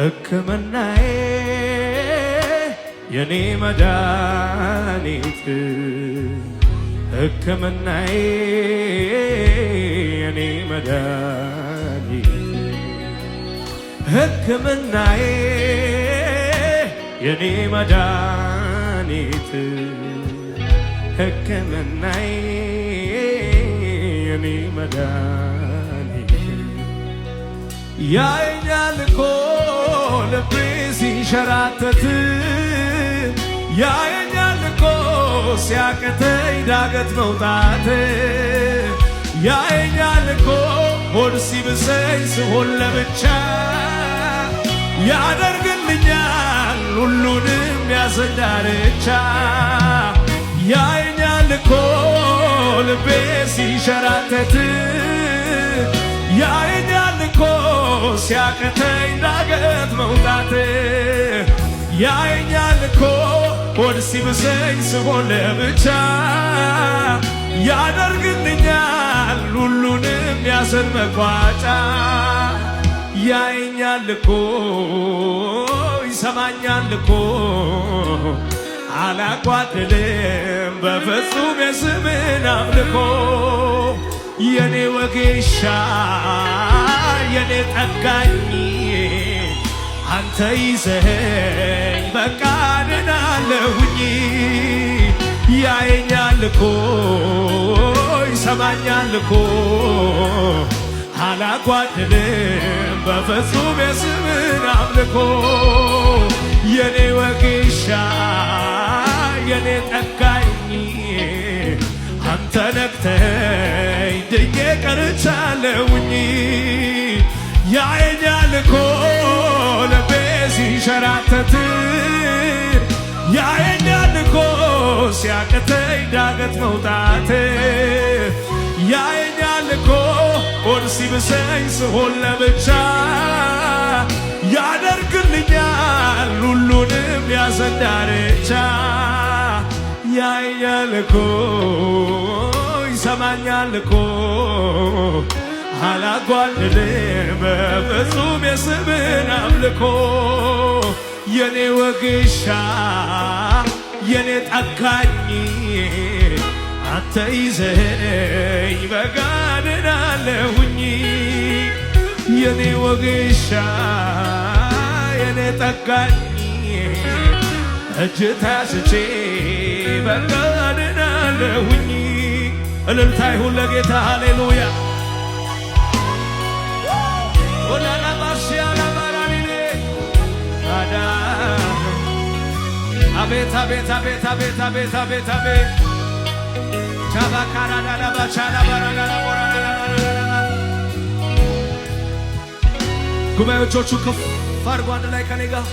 ሕክምናዬ የኔ መድኃኒት ሕክምናዬ የኔ መድኃኒት ሕክምናዬ የኔ መድኃኒት ሕክምናዬ የኔ መድኃኒት ያይኛል እኮ ልቤ ሲንሸራተት ያየኛል እኮ ሲያቅተኝ ዳገት መውጣት ያየኛል እኮ ሆድ ሲብሰኝ ስሆን ለብቻ ያደርግልኛል ሁሉንም ያሰዳርቻ ያየኛል እኮ ልቤ ሲንሸራተት ያየኛል እኮ ሲያቅተኝ ከጭንቀት መውጣት ያየኛል እኮ ሆድ ሲብሰኝ ስቦን ለብቻ ያደርግልኛል ሁሉንም ያሰን መቋጫ ያየኛል እኮ ይሰማኛል እኮ አላጓድልም በፍጹም የስምን አምልኮ የኔ ወጌሻ የኔ ጠጋኝ አንተ ይዘኸኝ በቃ ድናለሁኝ። ያየኛል እኮ ይሰማኛል እኮ አላጓድልም በፍጹም የስምን አምልኮ የኔ ወጌሻ የኔ ጠጋኝ አንተ ነክተኸኝ ድኜ ቀርቻለሁኝ ያየኛል እኮ ሲንሸራተት ያየኛል እኮ ሲያቅተኝ ዳገት መውጣት ያየኛል እኮ ሆድ ሲብሰኝ ስሆን ለብቻ ያደርግልኛል ሁሉንም ያዘን ዳርቻ ያየኛል አላጓልልም በፍጹም የስምን አምልኮ የኔ ወግሻ የኔ ጠጋኝ አንተ ይዘኝ በጋድን የኔ ወግሻ የኔ ጠጋኝ እጅ ታስቼ በጋድን አለሁኝ እልልታ ይሁን ለጌታ ሃሌሉያ አቤት አቤት አቤት አቤት አቤት አቤት አቤት ጉባኤዎቹ ከፍ አድርጎ አንድ ላይ ከኔ ጋር